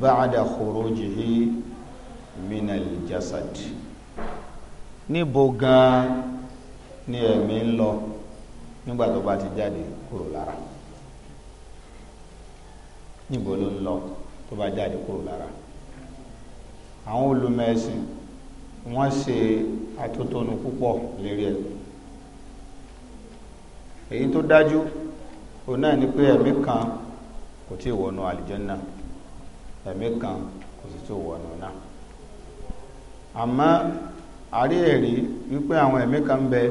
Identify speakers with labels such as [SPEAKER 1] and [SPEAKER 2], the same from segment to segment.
[SPEAKER 1] ba'da khurujihi minal jasad níbo gan ni ẹ̀mí ń lọ nígbà tó bá ti jáde kúrò lára níbo ló ń lọ tó bá jáde kúrò lára àwọn olùmẹ̀sìn wọ́n ṣe atótónu púpọ̀ lérí ẹ̀ èyí tó dájú òun náà ni pé ẹ̀mí kan kò tí ì wọnú àlìjẹ́nnà náà ẹ̀mí kan kò sì tó wọ̀nà náà àmọ́ àrí ẹ̀rí wípé àwọn ẹ̀mí kan ń bẹ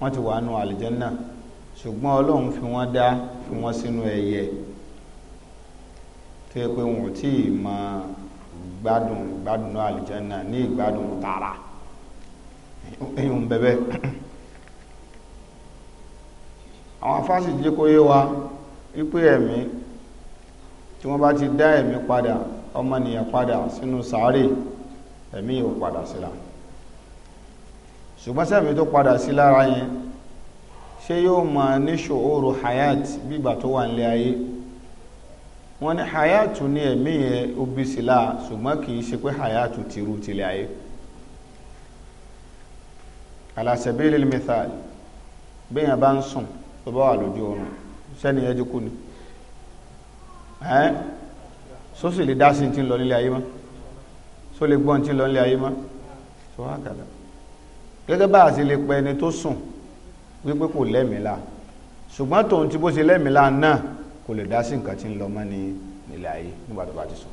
[SPEAKER 1] wọ́n ti wà nù àlìjẹ́nà ṣùgbọ́n ọlọ́run fi wọ́n dá fi wọ́n sínú ẹyẹ tó yẹ pé wọn ò tí ì mọ gbádùn gbádùn àlìjẹ́nà ní ìgbádùn tààrà èyí ń bẹ̀bẹ̀ àwọn afásitì jẹ́ kó yé wa wípé ẹ̀mí tí wọ́n bá ti dá ẹ̀mí padà ọmọnìyàn padà sínú sàárè ẹ̀mí yóò padà síra ṣùgbọ́n sẹ́mi tó padà sí lára yẹn ṣé yóò máa ní ṣòro hayat bígbà tó wà nílé ayé wọ́n ní hayatu ní ẹ̀mí yẹn obìsí láà ṣùgbọ́n kì í ṣe pé hayatu ti rú tilẹ̀ ayé ala sabilil mithal bá ń sùn tó bá wà lójú oorun sẹ́ni ẹjú kú ni ẹ́ só sì lè dá sí ti ń lọ nílé ayé mọ́ só lè gbọ́n ti ń lọ nílé ayé mọ́ sọ wá kàdà gẹ́gẹ́ bá a sì lè pẹ ẹni tó sùn wípé kò lẹ́mìíla ṣùgbọ́n tòun ti bó ṣe lẹ́mìíla náà kò lè dá sí nǹkan tí ń lọ mọ́ ní nílé ayé nígbà tó bá ti sùn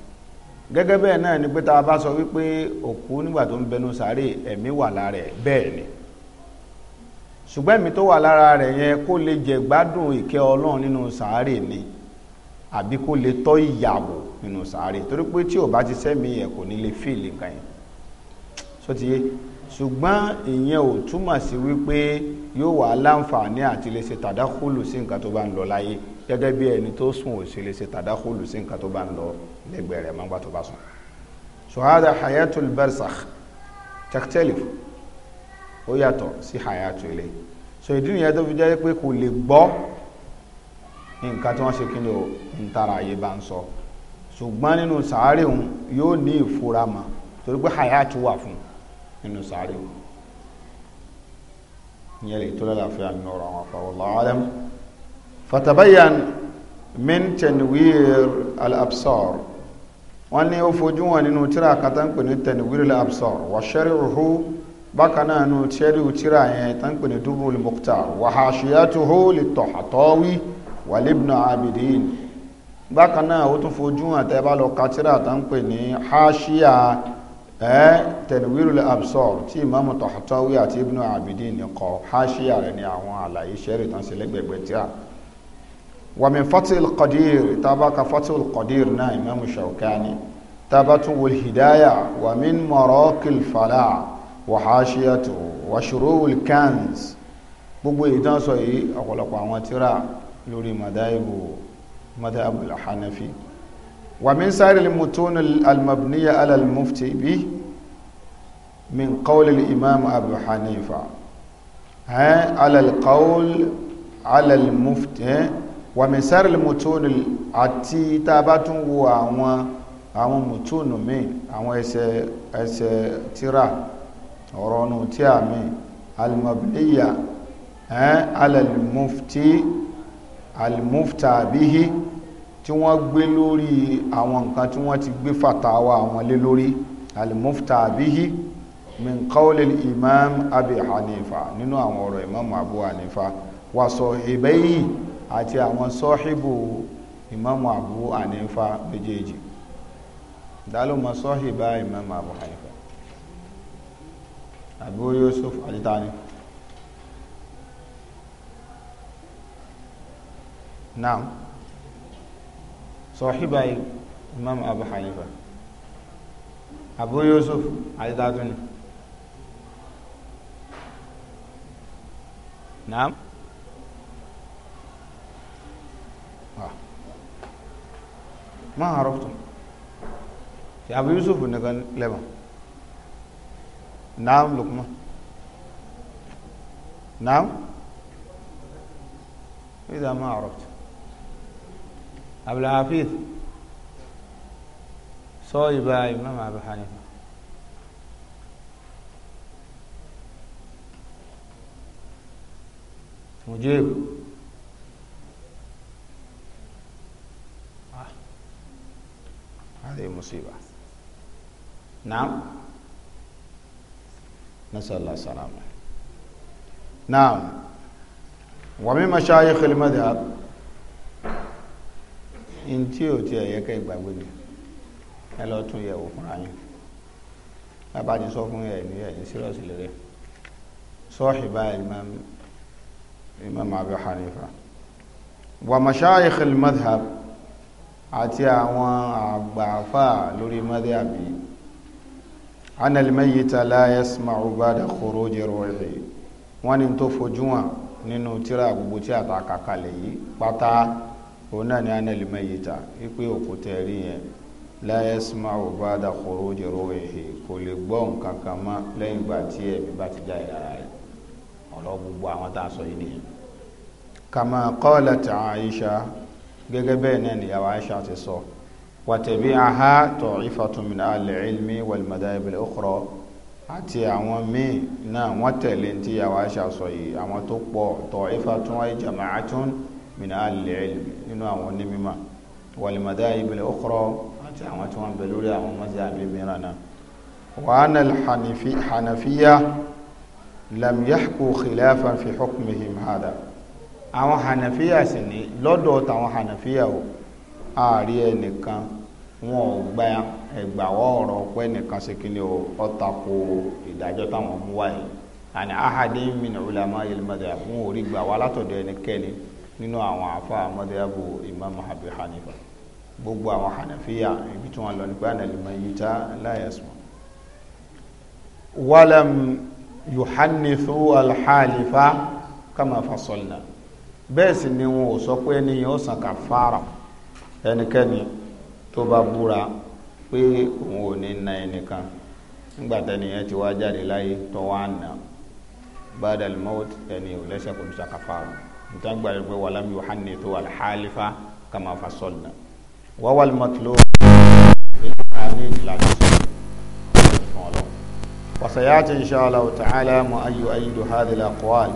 [SPEAKER 1] gẹ́gẹ́ bẹ́ẹ̀ náà ni pé tá a bá sọ wípé òkú nígbà tó ń bẹnu sáré ẹ̀mí wà lára ẹ̀ bẹ́ẹ̀ ni ṣùgbọ́n ẹ̀mí tó wà lára rẹ̀ yẹn kó lè jẹ ìkẹ́ ọlọ́run nínú sàárè ni àbí kó lè tọ́ ìyàwó nínú sàárè torí pé tí ò bá ti sẹ́mi ẹ̀ kò ní lè fíìlì nǹkan yẹn sótìyé ṣùgbọ́n ìyẹn ò túmọ̀ sí wípé yóò wà láǹfààní àti lè ṣe tàdákùlù sí nǹkan tó bá ń lọ láyé gẹ́gẹ́ bí ẹni tó sùn ò ṣe lè ṣe tàdákùlù sí nǹkan tó bá ń lọ lẹ́gbẹ̀ẹ́ rẹ̀ mọ́gbà tó bá sùn. ṣùhádà hayatul barzakh tẹ́kítẹ́lì ó yàtọ̀ sí hayatul ilé so ìdí nìyẹn tó fi jẹ́ pé kò lè gbọ́ nǹkan tí wọ́n ṣe kíni o ń tara ayé bá ń sọ ṣùgbọ́n nínú sàárè òun yóò ní ìfura mọ́ torí pé hayat wà fún nínú sàárè òun ìyẹn lè tó lálàáfíà nínú ọ̀rọ̀ àwọn afọwọ́lá ọ̀lẹ́m fatabayan min tanwir al-absar wọ́n ní ó fojú wọn nínú tíra kátà ń pè ní tanwir al-absar wà ṣẹ́rìhù bákan náà nínú tíra yẹn tán pè ní dúró lè mukhtar wà hàṣíyàtúhù lè tọ̀hátọ́wí walibna abidin bákan náà ó tún fojú hàn tẹ́ bá lọ katira tá ń pè ní haṣíà ẹ́ tẹ̀lúwírù absor tí imamu Tahtawi àti ibnu abidin kọ haṣíà rẹ̀ ní àwọn àlàyé ṣẹ́rì tán sí lẹ́gbẹ̀gbẹ̀ tíra wàmí fatil qadir tabaka fatil qadir náà imamu Shawkani tabatu wal hidaya wàmí maraqil falah wàháṣíyàtò wàṣúrò wal kanz gbogbo ìdánsọ yìí ọ̀pọ̀lọpọ̀ àwọn tíra lórí madaibu madaibu al-hanafi wa min sari al-mutun al-mabniya ala al-mufti bi min qawl al-imam abu hanifa ala al-qawl ala al-mufti wa min sari al-mutun àti tabatun wo àwọn àwọn mutunu mi àwọn ẹsẹ̀ ẹsẹ̀ tírà tí a mi al-mabniya al-mufti almufta bihi tí wọ́n gbé lórí àwọn nǹkan tí wọ́n ti gbé fatawa àwọn lé lórí almufta bihi min qawli imam abi hanifa nínú àwọn ọ̀rọ̀ imam abu hanifa wa sahibayhi àti àwọn sọ́hìbù imam abu hanifa méjèèjì dálómọ sọ́hìbá imam abu hanifa abu yusuf àti tani naam sọ̀híbà imam abu hanifa abu yusuf alitatuni naam ma arọ́tù ti abu yusuf nìkan lẹ́bàá naam lukman naam إذا ما عرفت أبل عفيف صوي باي ما ابو حنيفه مجيب هذه مصيبة نعم نسأل الله السلامة نعم ومن مشايخ المذهب in tí ò ti ẹ̀yẹ kẹ́ ìgbàgbé ni ẹ lọ tún yẹ̀wò fúnra yín bàbá ti sọ fún ẹ̀yìn ẹ̀yìn sírọ̀sì lérè sọ́ọ̀hì báyìí imam imam abu hanifa wa mashayikh al-madhhab àti àwọn àgbààfà lórí madhhab yìí anna al-mayyita la yasma'u ba'da khuruji ruhi wọ́n ní tó fojú wọn nínú tírà gbogbo tí àtàkàkalẹ̀ yìí pátá òun náà ni anali mayita wípé òkúta ẹ̀rí yẹn la yasma'u ba'da khuruji ruhihi kò lè gbọ́ nǹkan kan mọ́ lẹ́yìn ìgbà tí ẹ̀mí bá ti jáde lára rẹ̀ ọ̀rọ̀ gbogbo àwọn tá a sọ yìí nìyẹn. kama qalat Aisha gẹ́gẹ́ bẹ́ẹ̀ náà nìyàwó Aisha ti sọ watabi'aha ta'ifatun min ahli ilmi wal madhahib al àti àwọn míì náà wọ́n tẹ̀lé ti yàwó Aisha sọ yìí àwọn tó pọ̀ ta'ifatun wa jama'atun min alẹ́ ilmi nínú àwọn onímọ̀ wàlìmọ̀dá ìbìlẹ̀ ọkọ̀rọ̀ àti àwọn tí wọ́n bẹ lórí àwọn mọ́sá mìíràn náà وأن الحنفية لم يحكوا خلافا في حكمهم هذا àwọn hanafiya sì ni lọ́dọ̀ tàwọn hanafiya o ààrí ẹnìkan wọn ò gba ẹgbàwọ́ ọ̀rọ̀ pé ẹnìkan ṣe kí ni ó tako ìdájọ́ táwọn mú wáyé àní ahadi min ulama al-madhhab wọn ò rí gbà wá látọ̀dọ̀ ẹnikẹ́ni nínú àwọn àfa àmọ́dẹ́yàbò imam abu hanifa gbogbo àwọn hanafiya ibi tí wọ́n lọ nípa ànàlìmọ̀ yìí tá láyẹ̀sùn wàlám yohannithu alhalifa kama fasolna bẹ́ẹ̀ sì ni wọn ò sọ pé ẹniyàn ó san kàfàrà ẹnikẹ́ni tó bá búra pé òun ò ní na ẹnìkan nígbàtẹ́niyàn ti wá jáde láyé tó wá nà bá dàlmọ́t ẹni ò lẹ́sẹ̀ kò ní san kàfàrà ìtàgbà rẹ̀ pé wàlám yóò hàn ní tó wà hálífà kàmá fasọ́lá wàwà mọ́tòló ilé náà ní ìlànà fún ọlọ́ wasayati inshallah ta'ala mu ayu ayidu hadhihi aqwal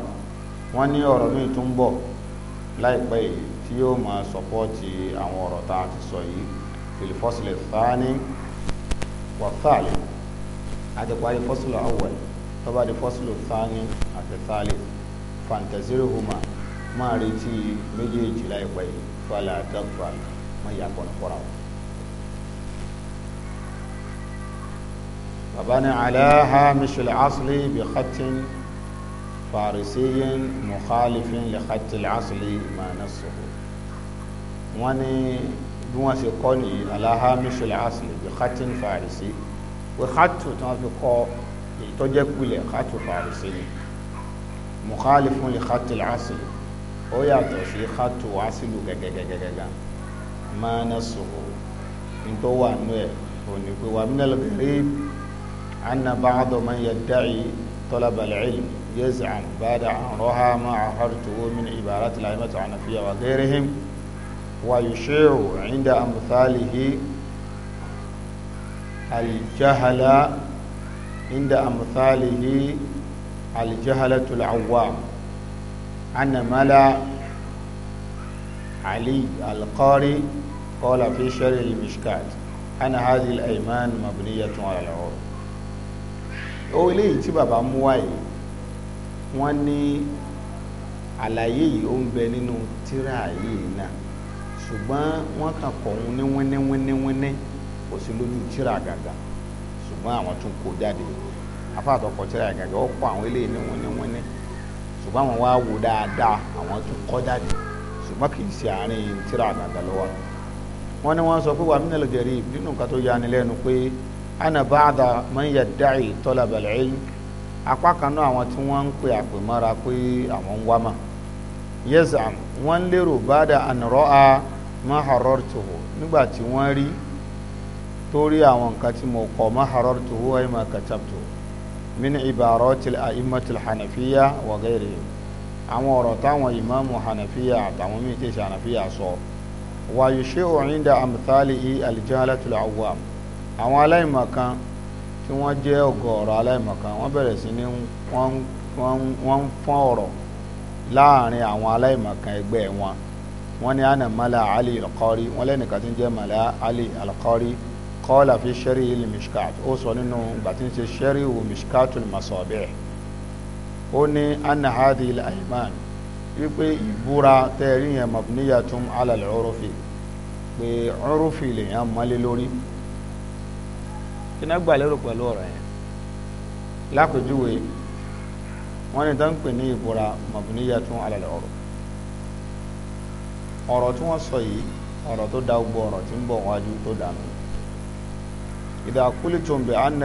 [SPEAKER 1] wọ́n ní ọ̀rọ̀ míì tún bọ̀ láìpẹ́ yìí tí yóò máa sọpọ́ọ̀tì àwọn ọ̀rọ̀ tá a ti sọ yìí filifọ́sílì thani wàtàlì àtẹ̀parí fọ́sílì awwal tó bá di fọ́sílì thani àti thali fantazirihuma máa retí méjèèjì láìpẹ́ yìí fàlà àtàkùrà mọ ìyàpọ̀ nìkọ́ra wọn. bàbá ní aláha mishul asli bi khatin farisiyin mukhalifin li khatil asli ma nasuhu wọn ní bí wọn ṣe kọ́ nìyí aláha mishul asli bi khatin farisi wọ́n khatu tí wọ́n fi kọ́ ìtọ́jẹ́ kulẹ̀ khatu farisi mukhalifin li khatil asli ó yàtọ̀ sí hatu asilu gẹ́gẹ́gẹ́gẹ́gá máa ná sọ̀rọ̀ nítorí wà nú ẹ̀ òní pé wà mí lẹ́lẹ́ bẹ̀rẹ̀ anna ba'da man yadda'i talab al-ilm yaz'am ba'da an raha ma ahartuhu min ibarat al-a'immat al-hanafiyya wa ghayrihim wa yushi'u 'inda amthalihi al-jahala 'inda amthalihi al-jahalatu al-awwam anamala ali alqari qala fi sharh al-mishkat ana hadhihi al-ayman mabniyatun ala al-'urf o eléyìí tí bàbá mú wáyé wọ́n ní àlàyé yìí ó ń bẹ nínú tírà yìí ṣùgbọ́n wọ́n kàn kọ́ òun ní wẹ́nẹ́wẹ́nẹ́wẹ́nẹ́ kò sí lójú tírà gàgà ṣùgbọ́n àwọn tún kó jáde afáàtọ̀kọ̀ tírà gàgà ó kọ́ àwọn eléyìí ní wẹ́nẹ́wẹ́nẹ́ ṣùgbọ́n àwọn wá wò dáadáa àwọn tún kọ́ jáde ṣùgbọ́n kì í ṣe àárín tíra àgàgà lọ́wọ́ wọn ni wọ́n sọ pé wà mílẹ̀ lọ́jọ́ nínú nǹkan tó yani lẹ́nu pé ana ba'da man yadda'i talab al-ilm apá kan náà àwọn tí wọ́n ń pè àpèmọ́ra pé àwọn ń wá mà yẹ́sà wọ́n lérò ba'da an ra'a ma harartuhu nígbà tí wọ́n rí torí àwọn nǹkan tí mo kọ́ ma harartuhu ay ma katabtuhu min ibaratil a'immatil hanafiya wa ghayrihim àwọn ọ̀rọ̀ táwọn ìmáàmù hanafiya àtàwọn míì tẹ̀sí hanafiya sọ wa yushi'u 'inda amthalihi al-jahalatul 'awwam àwọn aláìmọ̀kan tí wọ́n jẹ́ ọ̀gọ̀ọ̀rọ̀ aláìmọ̀kan wọ́n bẹ̀rẹ̀ sí ní wọ́n ń fọ́n ọ̀rọ̀ láàrin àwọn aláìmọ̀kan ẹgbẹ́ wọn wọ́n ní ànàmọ́lá Ali al wọ́n lẹ́nìkan tí ń jẹ́ mọ́lá Ali al kọ́ọ̀lá fi ṣẹ́rí ilé mishkat ó sọ nínú ìgbà tí ń ṣe ṣẹ́rí wo mishkatul masabi' ó ní anna hadi al ayman wípé ìbúra tẹ́ẹ̀rí yẹn mabniyatun ala al urufi pé urufi lèyàn mọ́lé lórí kí náà gbà lérò pẹ̀lú ọ̀rọ̀ yẹn lápèjúwe wọ́n ní tán pè ní ìbúra mabniyatun ala al uruf ọ̀rọ̀ tí wọ́n sọ yìí ọ̀rọ̀ tó dá gbogbo ọ̀rọ̀ tí ń bọ̀ wájú tó dànù إذا قلتم بأن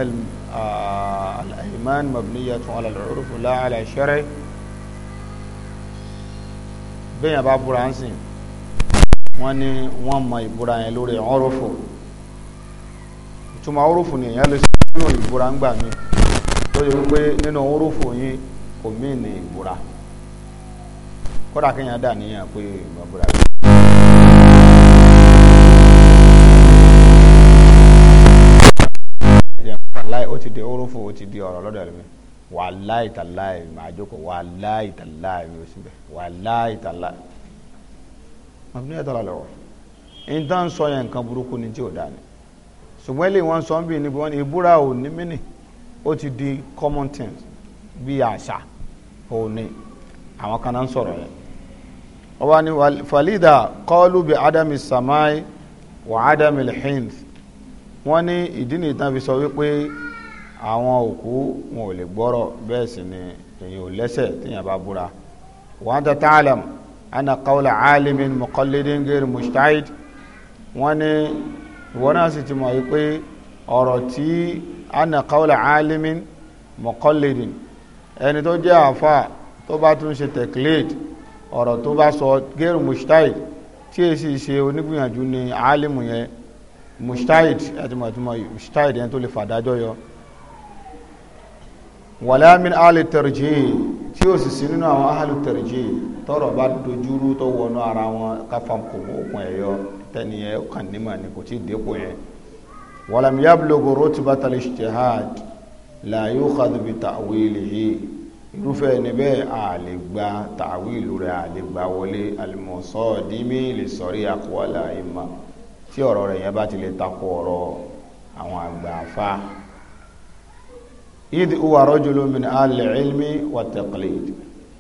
[SPEAKER 1] الأيمان مبنية على العرف لا على الشرع bẹ́ẹ̀ yẹn bá búra ń sìn wọ́n ní wọ́n mọ ìbúra yẹn lórí ọ̀rọ̀fò ìtumọ̀ ọ̀rọ̀fò ni èèyàn lè sọ nínú ìbúra ń gbà mí tó yẹ wípé nínú ọ̀rọ̀fò yín kò mí ní ìbúra kódà kéèyàn dà níyàn pé ìbúra yìí. wàláì ó ti di orúfò ó ti di ọ̀rọ̀ lọ́dọ̀ ẹ̀lẹ́mi wàláì tàláì màá jókòó wàláì tàláì mi ò sí bẹ́ẹ̀ wàláì tàláì màbí ẹ̀ tọ́lá lọ́wọ́ ní tá à ń sọ yẹn nǹkan burúkú ni tí ò dáa ni ṣùgbọ́n ilé wọn sọ ń bì níbi ìbúra ò ní mí nì ó ti di common things bí àṣà ò ní àwọn kan náà ń sọ̀rọ̀ yẹn ọba ni falida kọ́ọ́lù bí adami samai wa adami lhind wọ́n ní ìdí nìyí tán fi sọ wípé àwọn òkú wọn ò lè gbọ́rọ̀ bẹ́ẹ̀ sì ni èyàn ò lẹ́sẹ̀ téèyàn bá búra wa anta ta'lam anna qawla alimin muqallidin ghayr mujtahid wọ́n ní ìwọ náà sì ti mọ̀ wípé ọ̀rọ̀ tí anna qawla alimin muqallidin ẹni tó jẹ́ àfa tó bá tún ṣe tẹ̀kílẹ̀d ọ̀rọ̀ tó bá sọ ghayr mujtahid tí èsì ṣe onígbìyànjú ni alimu yẹn mujtahid ẹtùmọ̀tùmọ̀ mujtahid ẹni tó lè fàdájọ́ yọ wala min ahli tarjih tí ó sì sí nínú àwọn ahli tarjih tọrọ bá dojúrú tó wọnú ara wọn káfàm kò mú òkun ẹ̀yọ tẹ́niyẹ kàn nímọ̀ ni kò tí ì dépò yẹn walam yablughu rutbatal ijtihad la yukhadhu bi ta'wilihi irúfẹ́ ẹni bẹ́ẹ̀ àlè gba ta'wilu rẹ̀ àlè gba wọlé al-musadimi li sarihi aqwal al-a'imma tí ọ̀rọ̀ rẹ̀ yẹn bá ti lè takò ọ̀rọ̀ àwọn àgbà afá yídi uwa rajulun min alẹ̀ ilmi wa taqlid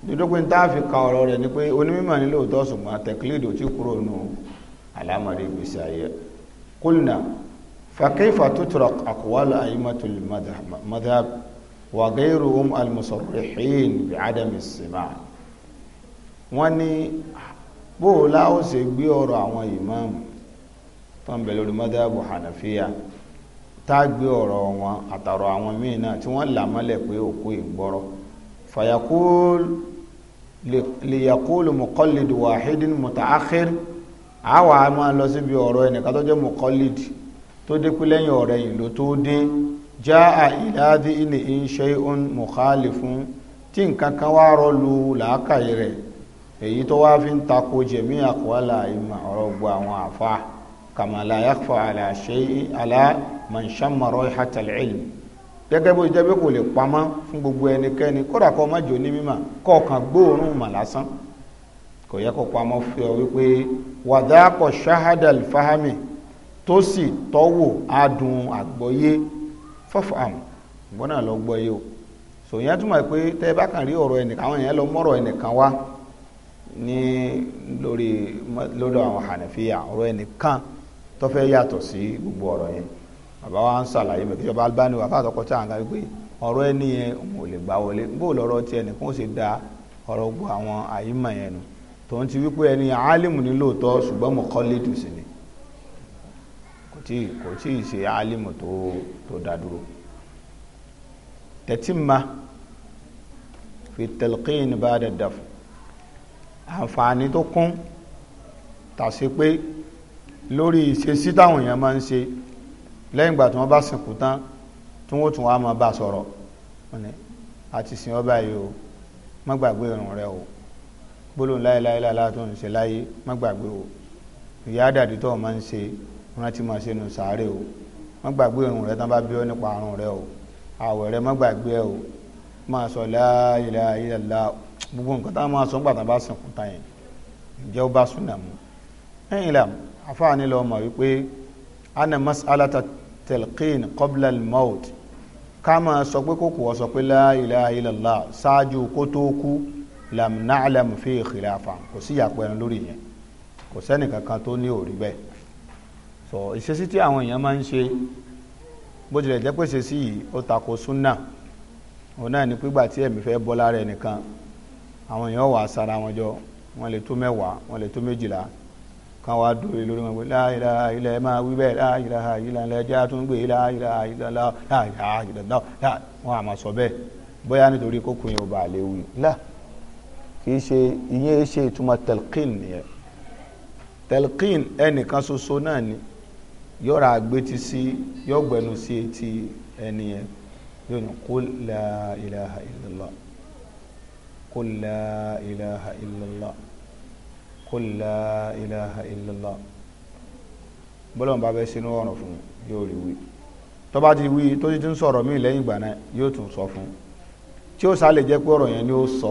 [SPEAKER 1] dídógún tá a fi ka ọ̀rọ̀ rẹ̀ ni pé onímọ̀ nílò òótọ́ ṣùgbọ́n taqlid ò tí kúrò nù alámọ̀rí ìgbésí ayé qulna fa kayfa tutrak aqwal a'immatul madhhab wa ghayruhum al-musarrihin bi'adami as-sima' wọ́n ní bóòlá ó ṣe gbé ọ̀rọ̀ àwọn ìmáàmù tó ń bẹ lórí mọ́dàbù hànàfíà tá a gbé ọ̀rọ̀ wọn àtàrọ̀ àwọn míì náà tí wọ́n là mọ́lẹ̀ pé òkú ìgbọ́rọ̀ fàyàkúl lèyàkúlù mọ̀kọ́lìdì wàhídìn mutaakhir àwa máa lọ síbi ọ̀rọ̀ ẹnìkan tó jẹ́ mọ̀kọ́lìdì tó dé pé lẹ́yìn ọ̀rẹ́ yìí ló tó dé jaa ìlàdí ilé shay'un mukhalifun tí nǹkan kan wá rọlù làákàyè rẹ̀ èyí tó wá fi ń tako jẹ̀mí àkọ́lá ìmọ̀ ọ̀rọ̀ gbọ́ àwọn àfa كما لا يخفى على شيء على man shamma rayhat al-ilm gẹ́gẹ́ bó jẹ́ pé kò lè pamọ́ fún gbogbo ẹnikẹ́ni kódà kọ́ má jò ní mímọ̀ kọ̀ọ̀kan gbóòórùn mà lásán kò yẹ kó pamọ́ fún ọ wípé wàdáàkọ̀ shahadal fahami tó sì tọ́wò adùn àgbọ́yé fọ́fàm ìbọn náà lọ gbọ́ yé o sòyìn túmọ̀ pé tẹ́ bá kàn rí ọ̀rọ̀ ẹnìkan àwọn èèyàn lọ mọ́rọ̀ ẹnìkan wá ní lórí lọ́dọ̀ àwọn hànàfíà ọ̀rọ̀ ẹnìkan tó fẹ́ yàtọ̀ sí gbogbo ọ̀rọ̀ yẹn bàbá wa ń ṣàlàyé mẹ́kí ìjọba Albani wà fáwọn àtọkọ tí a ń ga wípé ọ̀rọ̀ ẹni yẹn òun ò lè gbà wọlé bó lọ́rọ̀ tí ẹnì kan ó ṣe da ọ̀rọ̀ gbọ́ àwọn àyímọ̀ yẹn nu tó ti wípé ẹni alimu ni lóòótọ́ ṣùgbọ́n mo kọ́ lédù sí ni kò tí kò tí ì ṣe alimu tó tó dá dúró tẹ̀tí fi talqin bá dẹ̀ dàfọ̀ àǹfààní tó kún tàṣí pé lórí ìṣesí táwọn èèyàn máa ń ṣe lẹ́yìn ìgbà tí wọ́n bá sìnkú tán tí wọ́n tún wá máa bá sọ̀rọ̀ àti sìn ọba yìí o má gbàgbé irun rẹ o gbólóhùn láéláé láéláé tó ń ṣe láyé má gbàgbé o ìyá àdàdì tó máa ń ṣe rántí máa ṣe nù sàárè o má gbàgbé irun rẹ tán bá bí ọ nípa àrùn rẹ o àwẹ̀ rẹ má gbàgbé o máa sọ láàyèlá ayélujára gbogbo nǹkan tá máa sọ nígbà tá a bá sìnkú tán yẹn ǹjẹ́ ó bá súnà mu ẹ̀yìn làmú afáàní lọ mọ̀ wípé ana masalata telqin qabla al-maut ká máa sọ pé kókò ọ sọ pé la ilaha illallah ṣáájú kó tó kú lam na'lam fi khilafa kò sí ìyàpọ̀ lórí yẹn kò sẹ́nì kankan tó ní òrí bẹ́ẹ̀ so ìṣesí tí àwọn èèyàn máa ń ṣe bó tilẹ̀ jẹ́ pé ìṣesí yìí ó tako súnà òun náà ní pígbà tí ẹ̀mí fẹ́ bọ́ lára ẹnìkan àwọn èèyàn wà sára wọn jọ wọ́n lè tó mẹ́wàá wọ́n lè tó méjìlá kan wá dúró lórí wọn pé láìlà ilẹ̀ máa wí bẹ́ẹ̀ láìlà ilà ilẹ̀ jẹ́ àtúngbè láìlà ìlàlá láìlà ìlàlá wọn àmọ́ sọ bẹ́ẹ̀ bóyá nítorí kókùn yóò bá lè wí là kì í ṣe ìyẹn e ṣe ìtumọ̀ telkin nìyẹn telkin ẹnìkan ṣoṣo náà ni yọ̀rọ̀ àgbétí sí yọ̀gbẹ́nu sí etí ẹni yẹn yóò ní kó láìlà ìlàlá kó láìlà ìlàlá. qul ilaha illallah bọ́lọ́mù bá bẹ́ sínú ọ̀rọ̀ fún yóò rí wí tó bá ti wí tó ti ti ń sọ̀rọ̀ sọ fún tí ó sálẹ̀ nye pé ọ̀rọ̀ ka ni ó sọ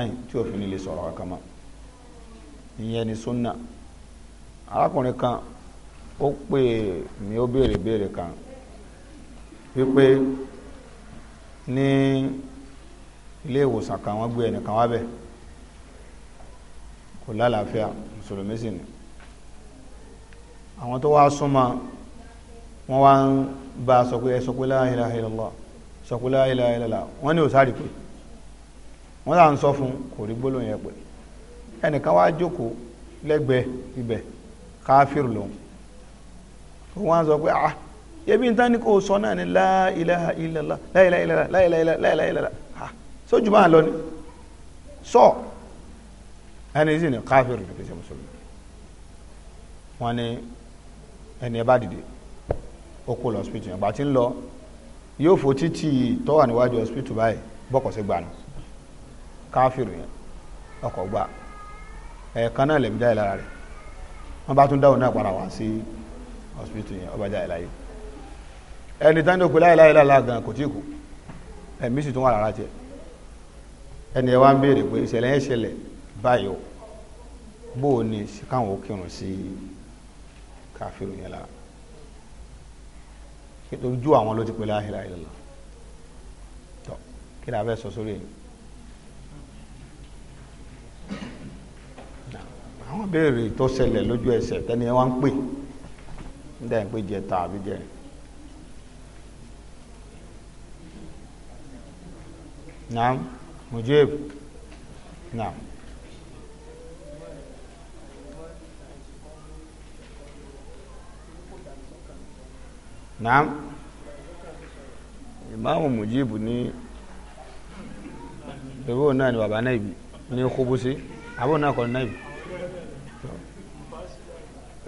[SPEAKER 1] le tí òfin ni kan ó pè mí ó béèrè béèrè kan wípé ní ilé ìwòsàn kan wọ́n gbé ẹnìkan wá bẹ́ẹ̀ kò lálàáfíà mùsùlùmí sì ni àwọn tó wá súnmọ́ wọ́n wá ń bá sọ pé ẹ sọ pé la ilaha illallah sọ pé la ilaha illallah wọ́n ní ò sáré pé wọ́n là ń sọ fún kò rí gbólóhùn yẹn pé ẹnìkan wá jókòó lẹ́gbẹ̀ẹ́ ibẹ̀ káfíìrì lòun wọ́n á sọ pé ah yẹbi n ta ni kò sọ náà ni la ilaha illallah la ilaha illallah ha ah, sójú máa lọ ni sọ. So, ẹni sì ni káfíìrì ní kìsì mùsùlùmí wọn ni ẹni ẹ bá dìde ó kó lọ hospital yẹn gbà tí ń lọ yóò fò títì tó wà níwájú hospital báyìí bọ́kọ̀ sí gbànú káfíìrì yẹn ọkọ̀ gbà ẹ̀ẹ̀kan náà lẹ̀mí jáde lára rẹ̀ wọ́n bá tún dáhùn náà padà wá sí hospital yẹn ọba jáde láyé ẹni tán ló pe láyéláyé lára gan kò tí kù ẹ̀mí sì tún wà lára tiẹ̀ ẹni ẹ wá ń béèrè pé ìṣẹ̀lẹ̀ yẹn báyìí o bó o ní káwọn kírun sí káfíìrù yẹn lára ojú àwọn ló ti pè láhìlá ìlàlá tọ kí ni a fẹ́ sọ sórí yìí àwọn béèrè tó ṣẹlẹ̀ lójú ẹsẹ̀ tẹ́ni wọ́n ń pè ń dẹ̀ ń jẹ ta àbí jẹ. naam mujib naam. naam ìmáàmù mujibu ní ìwé òun náà ni bàbá náà ibi ní kóbósí àbọ̀ náà kọ́ náà ibi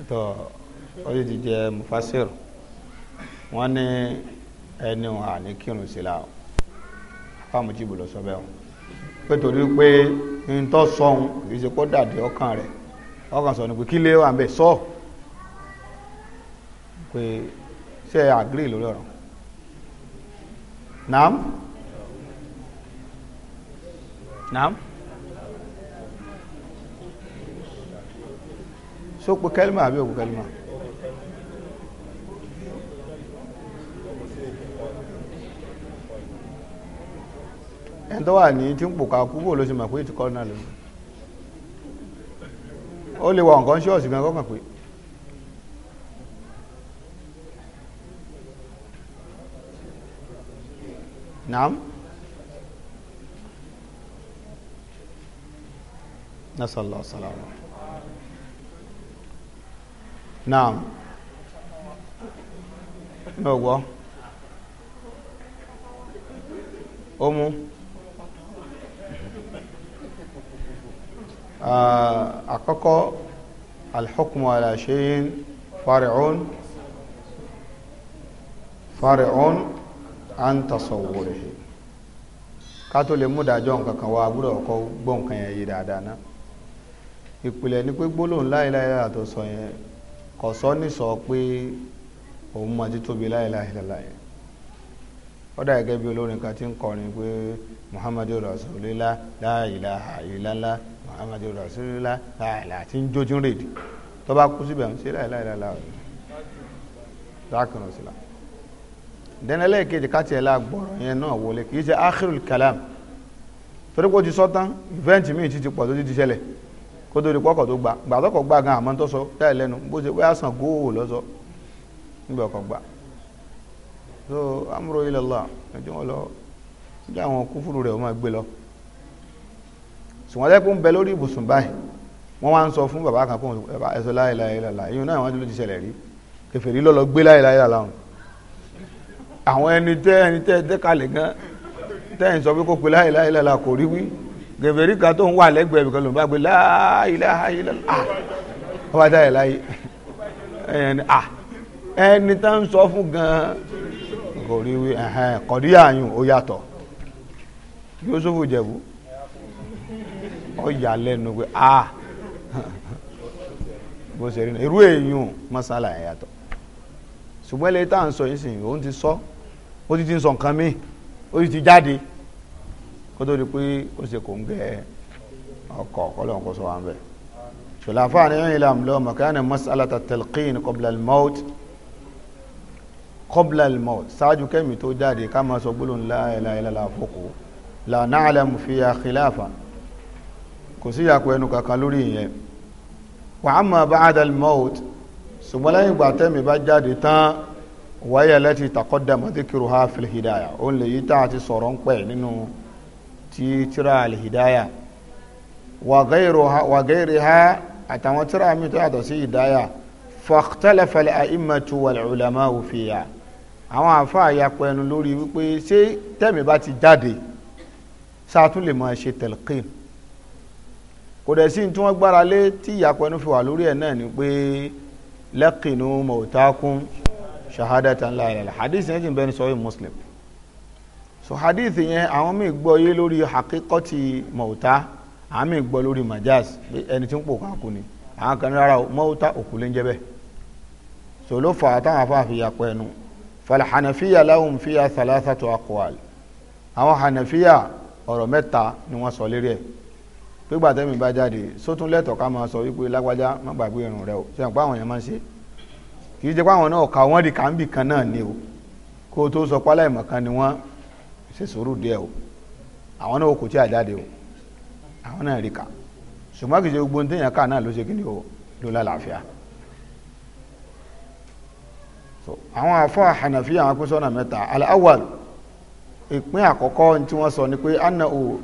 [SPEAKER 1] tó ó sì ti jẹ́ mufasir wọ́n ní ẹni wọn àní kírun sí la àfa mujibu lọ sọ wọn pé torí pé n tó sọ̀hún kì í ṣe kó dàdé ọkàn rẹ̀ ọkàn sọ ni pé kí lè wà ń bẹ̀ sọ pé ṣe àgírí lórí ọ̀rọ̀ naam naam
[SPEAKER 2] sópo kẹlímà àbí òkú kẹlímà ẹ̀
[SPEAKER 1] tó wà ní tí ń pò ká kú bò ló ṣe mọ̀ pé ìtìkọ́ náà lónìí ó lè wà nǹkan ṣọ́ọ̀ṣì gan kọ́kàn pé نعم نسال الله السلامة نعم ما هو أمو آه، أقوى الحكم على شيء فارعون فارعون à ń ka ká tó lè mú dájọ́ nǹkan kan wá agbúrò ọkọ̀ gbọ́ nǹkan yẹn yìí dáadáa náà ìpìlẹ̀ ni pé gbólóhùn láìláìlá tó sọ yẹn kò sọ ní sọ pé òun máa ti tóbi láìláìlá yẹn ó dà gẹ́gẹ́ bí olórin kan ti ń kọrin muhammadu rasulillah la ilaha illallah muhammadu rasulillah la ilaha ti ń jójú rèdí tó bá kú síbẹ̀ ń ṣe láìláìlá la. dákìrún sílá dẹ́nẹ́lẹ́ kejì káti ẹ̀ la gbọ̀rọ̀ yẹn náà wọlé kì í ṣe akhirul kalam torí pé o ti sọ tán event míì ti ti pọ̀ tó ti ti ṣẹlẹ̀ kó tó di pọ́kọ̀ tó gba gbàtọ́kọ̀ gba gan àmọ́ tó sọ táyì lẹ́nu bó ṣe wáyà sàn góò lọ́sọ níbi ọkọ̀ gbà so amúrò ilẹ̀ lọ ẹjọ́ wọn lọ bí àwọn kúfúrú rẹ̀ wọ́n máa gbé lọ ṣùgbọ́n lẹ́kùn bẹ lórí ibùsùn báyìí wọ́n wá ń sọ fún bàbá kan kó ẹ̀sọ́ láìláìlà ìyún náà wọ́n ti ló ti ṣẹlẹ̀ rí kẹfẹ́ rí lọ́lọ́ gbé láìláìlà láwọn àwọn ẹni tẹ́ ẹni tẹ́ tẹ́ kalẹ̀ gan tẹ́yìn sọ pé kó pe láìláì lọ́la kò rí wí gẹ̀fẹ̀rí kan tó ń wà lẹ́gbẹ̀ẹ́ ibìkan ló ń bá gbé láìláì lọ́la ọba táyà láyé ẹni tó ń sọ fún gan kò rí wí kọ̀díyà yùn ó yàtọ̀ Yúsúfù Jẹ̀bú ó yà lẹ́nu pé ah bó ṣe rí irú èèyàn mọ́sálà yàtọ̀ ṣùgbọ́n ilé tá à ń sọ yìí sìn òun ti sọ. So ó ti ti ń sọ nǹkan míì ó ti ti jáde kó tó di pé ó ṣe kò ń gẹ ọkọ̀ kọ́lọ̀ kó sọ wá ń bẹ̀. ṣòláfà ni ẹ̀yìn ìlànà lọ makana masalata talqin qabla al-maut qabla al-maut ṣáájú kẹ́mi tó jáde ká máa sọ gbólóhùn la ilaha illallah àfọkù la na'lamu fiha khilafa kò sí ìyàpọ̀ ẹnu kankan lórí ìyẹn wa amma ba'da al lẹ́yìn ìgbà bá jáde tán wáyà lẹ́tì taqaddama dhikruha fil hidaya ó lè yí tá a ti sọ̀rọ̀ ń pẹ̀ nínú tí tíra al hidaya wa ghayriha àtàwọn tíra mi tó yàtọ̀ sí hidaya fakhtalafa al a'immatu wal ulama'u fiha àwọn àfáà ya lórí wípé ṣé tẹ́mi bá ti jáde sáà lè máa ṣe talqin kò dẹ̀ sí tí wọ́n gbára lé tí ìyàpẹnu fi wà lórí ẹ̀ náà ni pé laqinu mawtakum shahadatan la ilaha illallah hadith yẹn ti bẹni sọyìn muslim so hadith yẹn àwọn míì gbọ́ yé lórí hakikọ́tì mọ̀ọ́tá àwọn míì gbọ́ lórí majaz ẹni tí ń pò kankun ni àwọn kan rárá mọ̀ọ́tá òkú ló ń jẹ́ bẹ́ẹ̀ so ló fà á táwọn afáàfin yà pẹ́ nu falhanafiya lahum fiya thalathatu aqwal àwọn hanafiya ọ̀rọ̀ mẹ́ta ni wọ́n sọ lérí ẹ̀ pé gbàtẹ́mi bá jáde sótún lẹ́tọ̀ọ́ ká máa sọ wípé lágbájá má gbàgbé irun rẹ o ṣe àpá àwọn yẹn máa ń ṣe é kì í jẹ́ pàwọn náà ọ̀ka wọ́n di kàńbì kan náà ni o kó o tó sọ pé aláìmọ̀kan ni wọ́n ṣe sùúrù díẹ̀ o àwọn náà kò tí a jáde o àwọn náà rí ka ṣùgbọ́n kì í ṣe gbogbo ní téèyàn ká náà ló ṣe kí ni o ló lálàáfíà àwọn àfọ àhànàfíà àwọn pín sọ́nà mẹ́ta al-awwal ìpín àkọ́kọ́ tí wọ́n sọ ni pé anna o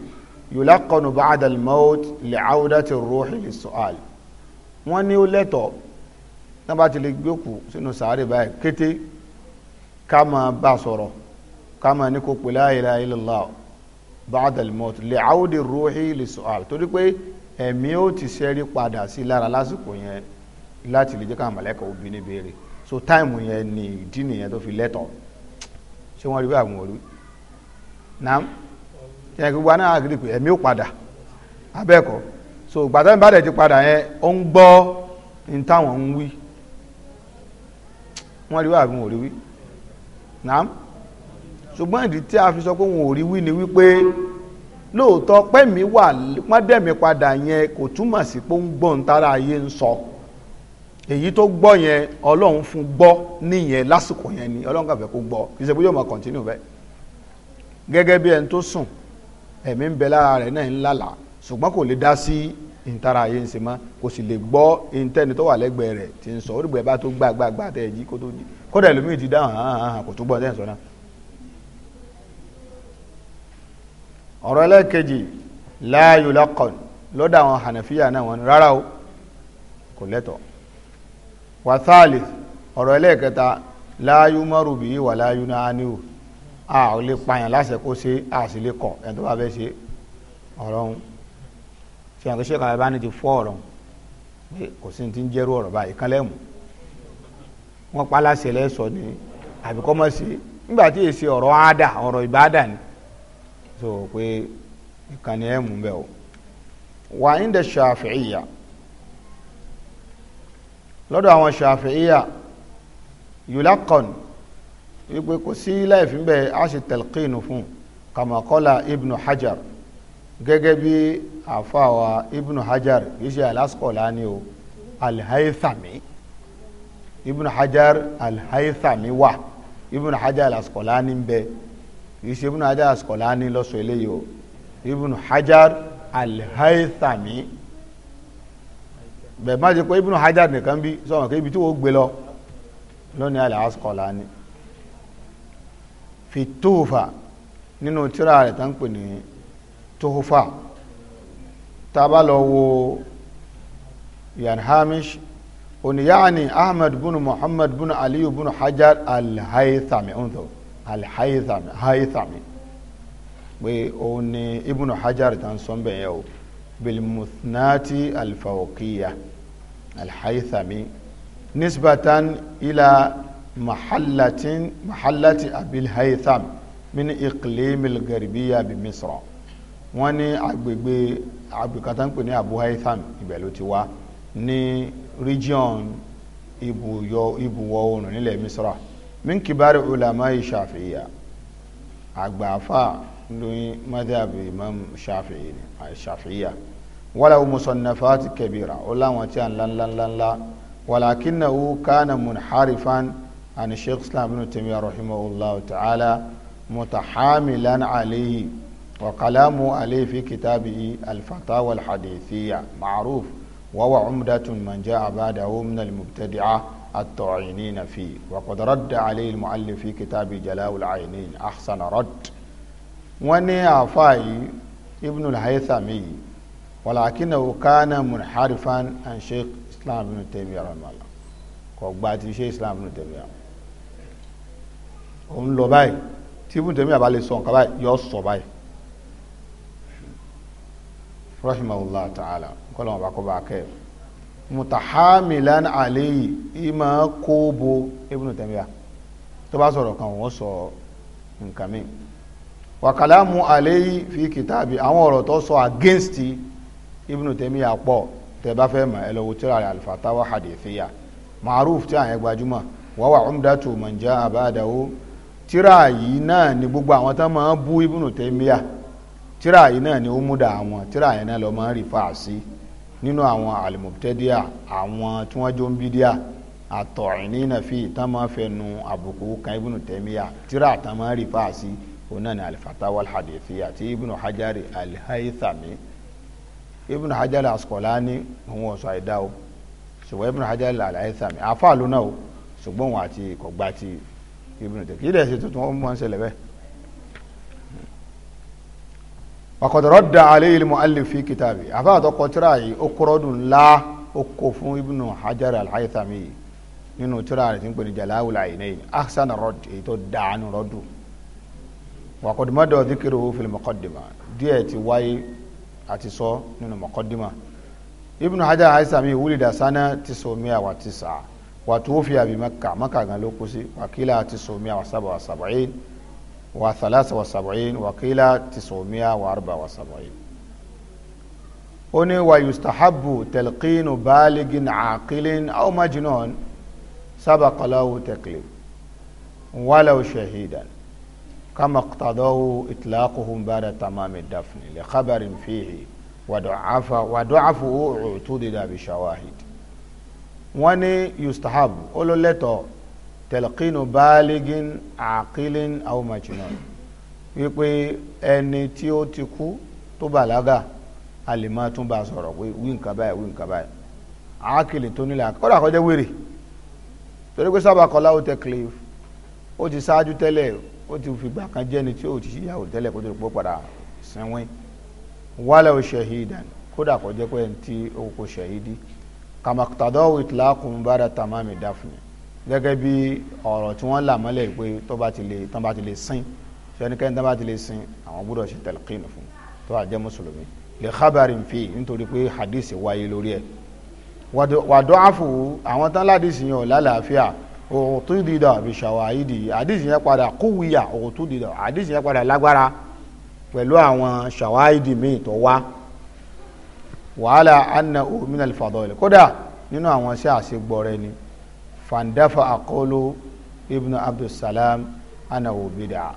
[SPEAKER 1] yulaqanu ba'da al-maut li'awdati ar-ruhi lis-su'al wọ́n ní ó lẹ́tọ̀ọ́ tán bá ti lè gbókù sínú sàárè báyìí kété kama máa bá sọ̀rọ̀ ká máa ní kó pè la ilaha illallah ba'da al-maut li audi ruhi li su'al torí pé ẹ̀mí ó ti ṣẹ́rí padà sí lára lásìkò yẹn láti lè jẹ́ ká mọ̀lẹ́kọ̀ obì béèrè so táìmù yẹn ni ìdí nìyẹn tó fi lẹ́tọ̀ ṣé wọ́n rí bí àwọn òru naam ṣe é gbogbo anáà àgírí pé ẹ̀mí ó padà abẹ́ẹ̀kọ́ so gbàtà mi bá dẹ̀ ti padà yẹn ó ń gbọ́ ní táwọn ń wí wọ́n rí wí àbí wọn ò rí wí nàám ṣùgbọ́n ìdí tí a fi sọ pé wọn ò rí wí ni wípé lóòótọ́ pẹ́mi wà wọ́n dẹ̀mí padà yẹn kò túmọ̀ sí pé ó ń gbọ́n tára ayé ń sọ èyí tó gbọ́ yẹn ọlọ́run fún gbọ́ nìyẹn lásìkò yẹn ni ọlọ́run kàfẹ́ kó gbọ́ ìṣègùn yóò máa kọ̀ntínú bẹ́ẹ̀ gẹ́gẹ́ bí ẹni tó sùn ẹ̀mí ń bẹ lára rẹ̀ náà ń lálàá ṣùgbọ́n kò lè dá sí ntara ayé ń se mọ́ kò sì lè gbọ́ ntẹ́ni tó wà lẹ́gbẹ̀ẹ́ rẹ̀ ti ń sọ orí gbẹ̀ẹ́ bá tó gbà gbà gbà tẹ̀ jí kó tó jí kódà ẹlòmíì ti dáhùn hàn kò tó gbọ́ ntẹ́ni sọ náà. ọ̀rọ̀ ẹlẹ́ẹ̀kejì láàyò lọ́kàn lọ́dọ̀ àwọn hànàfíà náà wọn rárá o kò lẹ́tọ̀ wàtálì ọ̀rọ̀ ẹlẹ́ẹ̀kẹta láàyò mọ́rùbí wà láàyò náà ní o a lè pààyàn láṣẹ kó ṣe a kọ̀ ẹ̀ tó bá fẹ́ ṣe ọ̀rọ̀ fihàn kí sèkà bá ní ti fọ́ ọ̀rọ̀ pé kò sí ti ń jẹ́rú ọ̀rọ̀ báyìí kan lẹ́mù wọ́n pa aláṣẹ lẹ́sọ̀ ni àbíkọ́ mọ̀ sí nígbà tí èsì ọ̀rọ̀ àdà ọ̀rọ̀ ìbàdà ni so pé ìkànnì ẹ̀ mú bẹ́ẹ̀ o wà ń dẹ̀ ṣàfihàn lọ́dọ̀ àwọn ṣàfihàn yulakon wípé kò sí láìfín bẹ́ẹ̀ á sì tẹ̀lqínu fún kàmàkọ́lá ibnu hajar gẹ́gẹ́ bí àfàwà ibn hajar kìí ṣe al-Asqalani o al-Haythami ibn hajar al-Haythami wà ibn hajar al-Asqalani ń bẹ kìí ṣe ibn hajar al-Asqalani lọ́sọ̀ eléyìí o ibn hajar al-Haythami bẹ̀ẹ̀ má pé ibn hajar nìkan bí sọ̀rọ̀ kí ibi tí wọ́n gbé lọ lónìí al fi Tuhfa nínú tírà rẹ̀ tá pè ní tófà tàbá lọ wo yan hamish oníyàní ahmed bin muhammad bin aliyu bin hajar alhaithami ọ̀nzọ alhaithami pé òun ni ibùnú hajar tàn sọ́nbẹ̀ yẹ o bilmuthnati alfawqiya alhaithami nisbatan ila mahallatin mahallati abilhaitham min iqlimil garbiya bi misra wọ́n ní agbègbè agbèkátà ń pè ní Abu Haytham ibẹ̀ ló ti wá ní region ibùyọ ibùwọ̀ oòrùn nílẹ̀ Misra min kibari ulama Shafi'iyya àgbààfà lóyún madhab Imam Shafi'i ni Shafi'iyya wala musannafati kabira ó láwọn tí a ń lanlanlanla walakinahu kana munharifan an Sheikh Islam ibn Taymiyyah rahimahullah ta'ala mutahamilan alayhi وكلامه عليه في كتابه الفتاوى الحديثية معروف وهو عمدة من جاء بعده من المبتدعة الطاعنين فيه وقد رد عليه المؤلف في كتاب جلاء العينين أحسن رد وني عفاي ابن الهيثمي ولكنه كان منحرفا عن شيخ إسلام بن تيمية رحمه الله kọgbàtí ṣe Islam ní tẹ̀míà òun lọ báyìí tí ibùn tẹ̀míà bá lè sọ rahimahullah ta'ala kọ́lọ́mù bá kọ́ bá kẹ́ mutahamilan alayhi ima kóbo ibnu tẹ̀míyà tó bá sọ̀rọ̀ kan wọ́n sọ nǹkan mi wa kalamu alayhi fi kitabi àwọn ọ̀rọ̀ tó sọ against ibnu tẹ̀míyà pọ̀ tẹ́ bá fẹ́ mọ̀ ẹ lọ wo tírà rẹ̀ al-fatawa umdatu man jaa ba'dahu tírà yìí ni gbogbo àwọn tán máa ń bú ibnu tíra yìí náà ni ó múdà àwọn tíra yìí náà lọ́mọ ń rìfà sí nínú àwọn alimọ̀tẹ́díà àwọn tí wọ́n jó ń bídíà àtọ̀rìnínà fi ìtàn máa fẹnu àbùkù kan ibùnú tẹ́míyà tíra àtàn máa rìfà sí òun náà ni alifatawa alhadithiya ti ibùnú hajari alhaithami ibùnú hajari asukọ̀láni òun ọ̀sọ̀ àìdá o ṣùgbọ́n ibùnú hajari alhaithami àfáà lónà o ṣùgbọ́n òun àti kọ̀gbá ti ibùnú tẹ́míyà kí lè ṣe tuntun ó mọ̀ ń ṣẹlẹ̀ bẹ́ẹ̀ wàkọ̀dọ̀rọ̀ da alẹ́ ilmu alifi kitabi àfáàtọ̀ kọtíra yìí ó kúrọ́dù ńlá ó kó fún ibnu hajar alhaithami nínú tíra rẹ̀ tí ń pè ní jalawul ayinayi ahsan rod èyí tó dànù rọdù wàkọ̀dùmọ́dọ̀ díkìrì òfin mọ̀kọ́dìmá díẹ̀ ti wáyé àti sọ nínú mọ̀kọ́dìmá ibnu hajar alhaithami wúlidà sánà ti sọ mí àwà ti sà wàtúwófì àbí maka maka gan ló kú sí wàkílà ti sọ mí àwà sábà wà sábà yìí wa thalasa wa sab'in wa qila tis'umiya wa arba wa sab'in. ó ní wa yustahabu talqinu baligin aqilin aw majnun sabaqa lahu taklif walaw shahidan kama iqtadahu itlaquhum ba'da tamami dafni li khabarin fihi wàdọ̀áfà wàdọ̀áfà òòrùn tó dìda yustahabu ó ló lẹ́tọ̀ọ́ tẹlẹkínu baaligin àkílin aw majnun wípé ẹni tí ó ti kú tó bàlágà a lè máa tún bá a sọ̀rọ̀ pé wí nǹkan báyìí wí nǹkan báyìí àkìlì tó nílẹ̀ kọ́dà kọjá wèrè torí pé sábà kọlá ó tẹ cliff ó ti ṣáájú tẹ́lẹ̀ ó ti fìgbà kan jẹ́ni tí ó ti ṣíyàwó tẹ́lẹ̀ kó tó pọ̀ padà sẹ́wọ́n wálẹ̀ ó ṣẹ̀hídàn kódà kọjá pé ẹni tí ó kó ṣẹ̀hídì kàmàkùtàdọ́ ìtìlákùn bára tàmámì dáfnì gẹ́gẹ́ bí ọ̀rọ̀ tí wọ́n là mọ́lẹ̀ pé tó bá ti lè tán bá ti lè sin fẹ́nikẹ́ni tán bá ti le sin àwọn gbọ́dọ̀ ṣe talqin fún tó bá jẹ́ mùsùlùmí lè khabari fi nítorí pé hadith wáyé lórí ẹ̀ wàdọ́ àfò àwọn tán ládìsí yẹn ò lálàáfíà òòtú dídà bí ṣàwáyídì hadith yẹn padà kúwìyà òòtú dídà hadith yẹn padà lágbára pẹ̀lú àwọn ṣàwáyídì míì tó wá wàhálà anna ominal fadọ́ọ̀lì kódà nínú àwọn iṣẹ́ àṣegbọrẹ ni fandafa akolo ibnu abdulsalam anahu bid'a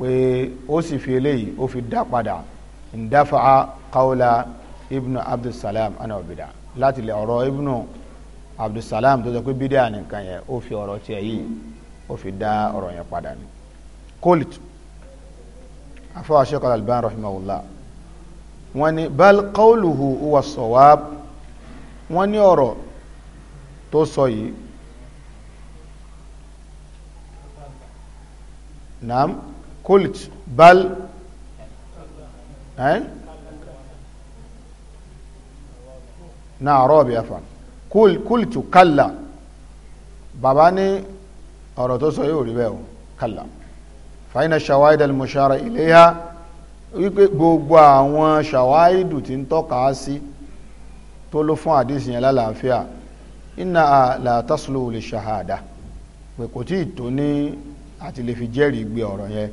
[SPEAKER 1] pé ó sì fi eléyìí ó fi dá padà ndafa kawla ibnu abdulsalam anahu bid'a láti lè ọ̀rọ̀ ibnu abdulsalam tó sọ pé bid'a nìkan yẹn ó fi ọ̀rọ̀ tiẹ̀ yìí ó fi dá ọ̀rọ̀ yẹn padà ni kolit afọ aṣọkọ alban rahimahullah wọ́n ní bal qawluhu huwa sawab wọ́n ní ọ̀rọ̀ tó sọ yìí naam kult bal náà rọ́ọ̀bì afa kultu kalla baba ní ọ̀rọ̀ tó sọ yóò rí bẹ́ẹ̀ o kalla fàyínà ṣàwáìdà mọ̀ṣára iléyà wípé gbogbo àwọn ṣàwáìdù tí ń tọ́ka sí tó ló fún àdísì yẹn lálàáfíà iná àlàtàsílò lè ṣàhàdà pé kò tí ì tó ní àti lè fi jẹ́rìí gbé ọ̀rọ̀ yẹn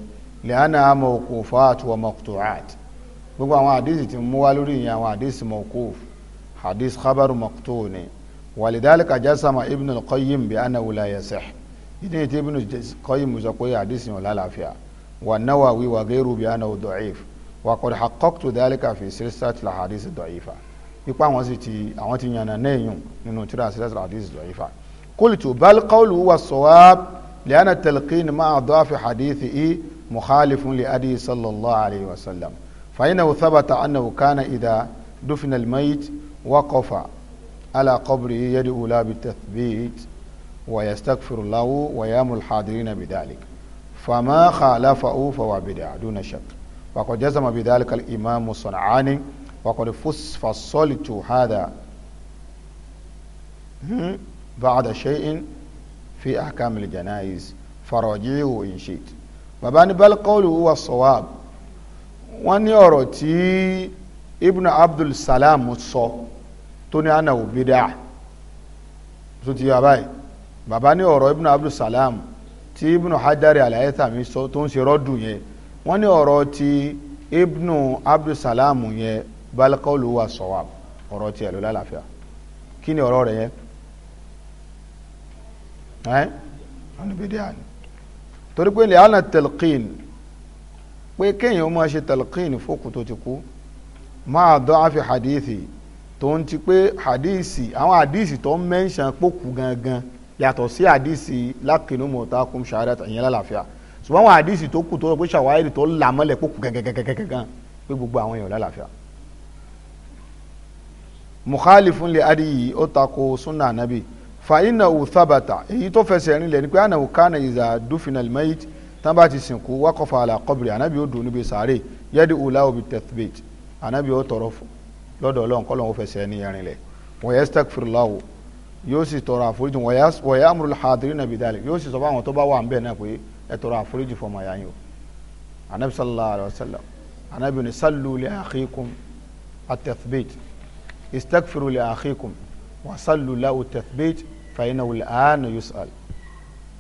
[SPEAKER 1] lẹ́hánà àmọ́ òkú fáàtù wa maqtu'at gbogbo àwọn àdísì ti mú wá lórí ìyẹn àwọn àdísì mawquf hadith khabaru maqtu' ni walidhalika jasama ibn al-qayyim bi annahu la yasih ìdí ni ti ibn al-qayyim sọ pé àdísì yẹn lálàáfíà wa nawawi wa ghayru bi annahu da'if wa qad haqqaqtu dhalika fi silsilati al-ahadith ad-da'ifa ipa لأن التلقين مع ضعف حديثه مخالف لأدي صلى الله عليه وسلم فإنه ثبت أنه كان إذا دفن الميت وقف على قبره يدعو له بالتثبيت ويستغفر الله ويام الحاضرين بذلك فما خالفه فهو بدعة دون شك وقد جزم بذلك الإمام الصنعاني وقد فصلت هذا بعد شيء fi ahkamil janaiz farajihu in shit baba ní bal qawluhu wa sawab wọ́n ní ọ̀rọ̀ tí ibn abdul salam sọ tó ní ana ò bídà tó ti yà báyìí baba ní ọ̀rọ̀ ibn abdul salam tí ibn hajjari alayetami sọ tó ń ṣe rọ́dù yẹn wọ́n ní ọ̀rọ̀ tí ibn abdul salam yẹn bal qawluhu wa sawab ọ̀rọ̀ tiẹ̀ ló lálàáfíà kí ni ọ̀rọ̀ rẹ̀ yẹn ẹ́ ànúbídíà ni torí pé lẹ́yìn tẹ̀lqìn pé kéèyàn máa ṣe tẹ̀lqìn fókù tó ti kú máa dán àfi hadithi tó ń ti pé hadithi àwọn hadithi tó ń mẹ́ńṣán pókù gangan yàtọ̀ sí hadithi lákìnnú mọ̀ọ́tàkùn ṣàrẹ́ ìyẹn lálàáfíà ṣùgbọ́n àwọn hadithi tó kù tó rọ pé ṣàwáyé tó làmọ́lẹ̀ pókù gangan pé gbogbo àwọn èèyàn lálàáfíà mukhalifun le adi yìí ó tako sunna anabi fàyínà ò sábàtà èyí tó fẹsẹ̀ rinlẹ̀ ni pé àná ò kánà ìzà dúfinà lẹ́yìn tán bá ti sìnkú wákọ̀fà àlà kọ́bìrì ànábì ó dùn níbi sàárè yẹ́dí òlà òbí tẹ́tbẹ̀t ànábì ó tọrọ lọ́dọ̀ ọlọ́run kọ́ lọ́wọ́ fẹsẹ̀ ní yẹn wọ́n yẹ stakfir láwo yóò sì tọrọ àforíjì wọ́n yẹ amúrú hadiri nàbí dalẹ̀ yóò sì sọ fún tó wasalu lahu tathbit fàyínà wòle àánú yus'al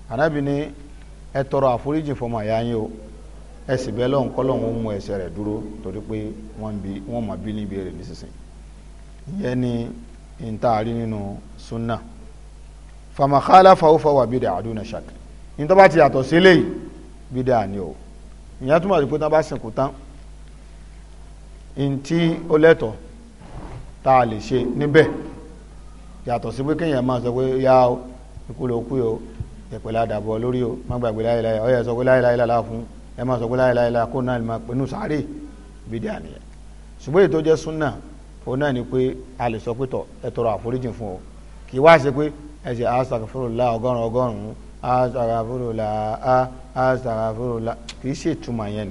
[SPEAKER 1] anabi ni ẹ tọrọ àforíjì fọmọ àyà yín o
[SPEAKER 2] ẹ sì bẹ lọ́n kọ́ lọ́n mú
[SPEAKER 1] ẹsẹ̀ rẹ̀ dúró torí pé wọ́n bi wọ́n mọ̀ bí níbi rẹ̀ nísinsìnyí ìyẹn ni ntaari nínú sunna famakala fawufawa bídà àdúnà ṣàkì nítorí bá ti yàtọ̀ sí eléyìí bídà ni o ìyẹn túmọ̀ sí pé tí sìnkú tán ntí ó lẹ́tọ̀ tá a lè ṣe níbẹ̀ yàtọ̀ sí pé kéèyàn máa sọ pé yá o ikú ló kú o ìpèlè àdàbọ̀ lórí o má gbàgbé láyéláyé ó yẹ sọ pé láyéláyé là fún ẹ má sọ pé láyéláyé kó náà lè máa pinnu sáré bídí àníyàn ṣùgbọ́n èyí tó jẹ́ súnà òun náà ni pé a lè sọ pé tọ̀ ẹ tọrọ àforíjìn fún o kì í wá ṣe pé ẹ ṣe astaghfirullah ọgọ́rùn ọgọ́rùn astaghfirullah astaghfirullah kì í ṣe ìtumọ̀ yẹn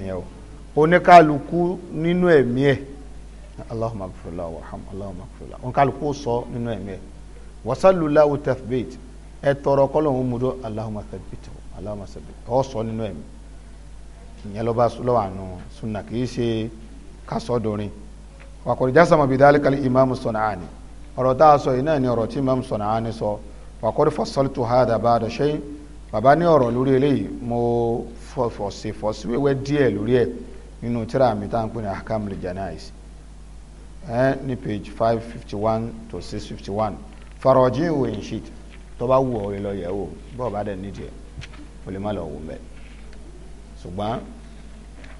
[SPEAKER 1] wasalulawo tafbet ẹ tọrọ kọlọ̀ ń mudo alahuma tafbito alahuma tafbito ọ sọ nínú ẹ̀mí ìyẹn lọ́ba lọ́wọ́ àánú sunna kì í ṣe kásọ̀dọ̀rin wàkọ̀rìjà sàmà bíi dáálí kálí imaamu sọ̀nàánì ọ̀rọ̀ tá a sọ yìí náà ni ọ̀rọ̀ tí imaamu sọ̀nàánì sọ wàkọ̀rì fasaltu hada ba'da shay bàbá ní ọ̀rọ̀ lórí eléyìí mo fọ̀fọ̀sì fọ̀síwẹ́wẹ́ díẹ̀ lórí ẹ̀ nínú tíra mi tá à pè ní ahkamul janais ẹ ní page five fifty one to six fifty one farajì ìwò ìṣìt tó bá wù ọ́ lọ yẹ̀ wò bó o bá dẹ̀ nídìí ẹ̀ o lè má lọ wò mẹ́ ṣùgbọ́n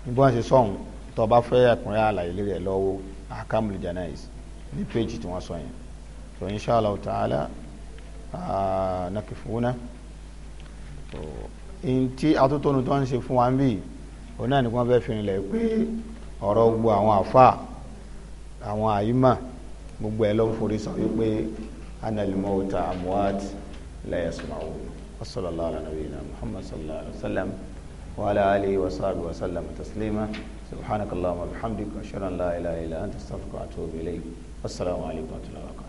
[SPEAKER 1] bí wọ́n ṣe sọ̀hún tó bá fẹ́ ẹ̀kúnrẹ́ àlàyé lórí ẹ̀ lọ́wọ́ akamul janais ní péjì tí wọ́n sọ yẹn so inshallah ta'ala ah, nakifuna so ntí atótónu tó ń ṣe fún wa ń bì òun náà nìkan fẹ́ fi rinlẹ̀ pé ọ̀rọ̀ gbogbo àwọn àfa àwọn àyímà gbogbo ẹ̀ ló ń forí sọ wípé أن الموت أموات لا يسمعون وصلى الله على نبينا محمد صلى الله عليه وسلم وعلى آله وصحبه وسلم تسليما سبحانك اللهم وبحمدك أشهد أن لا إله إلا أنت أستغفرك وأتوب إليك والسلام عليكم ورحمة الله وبركاته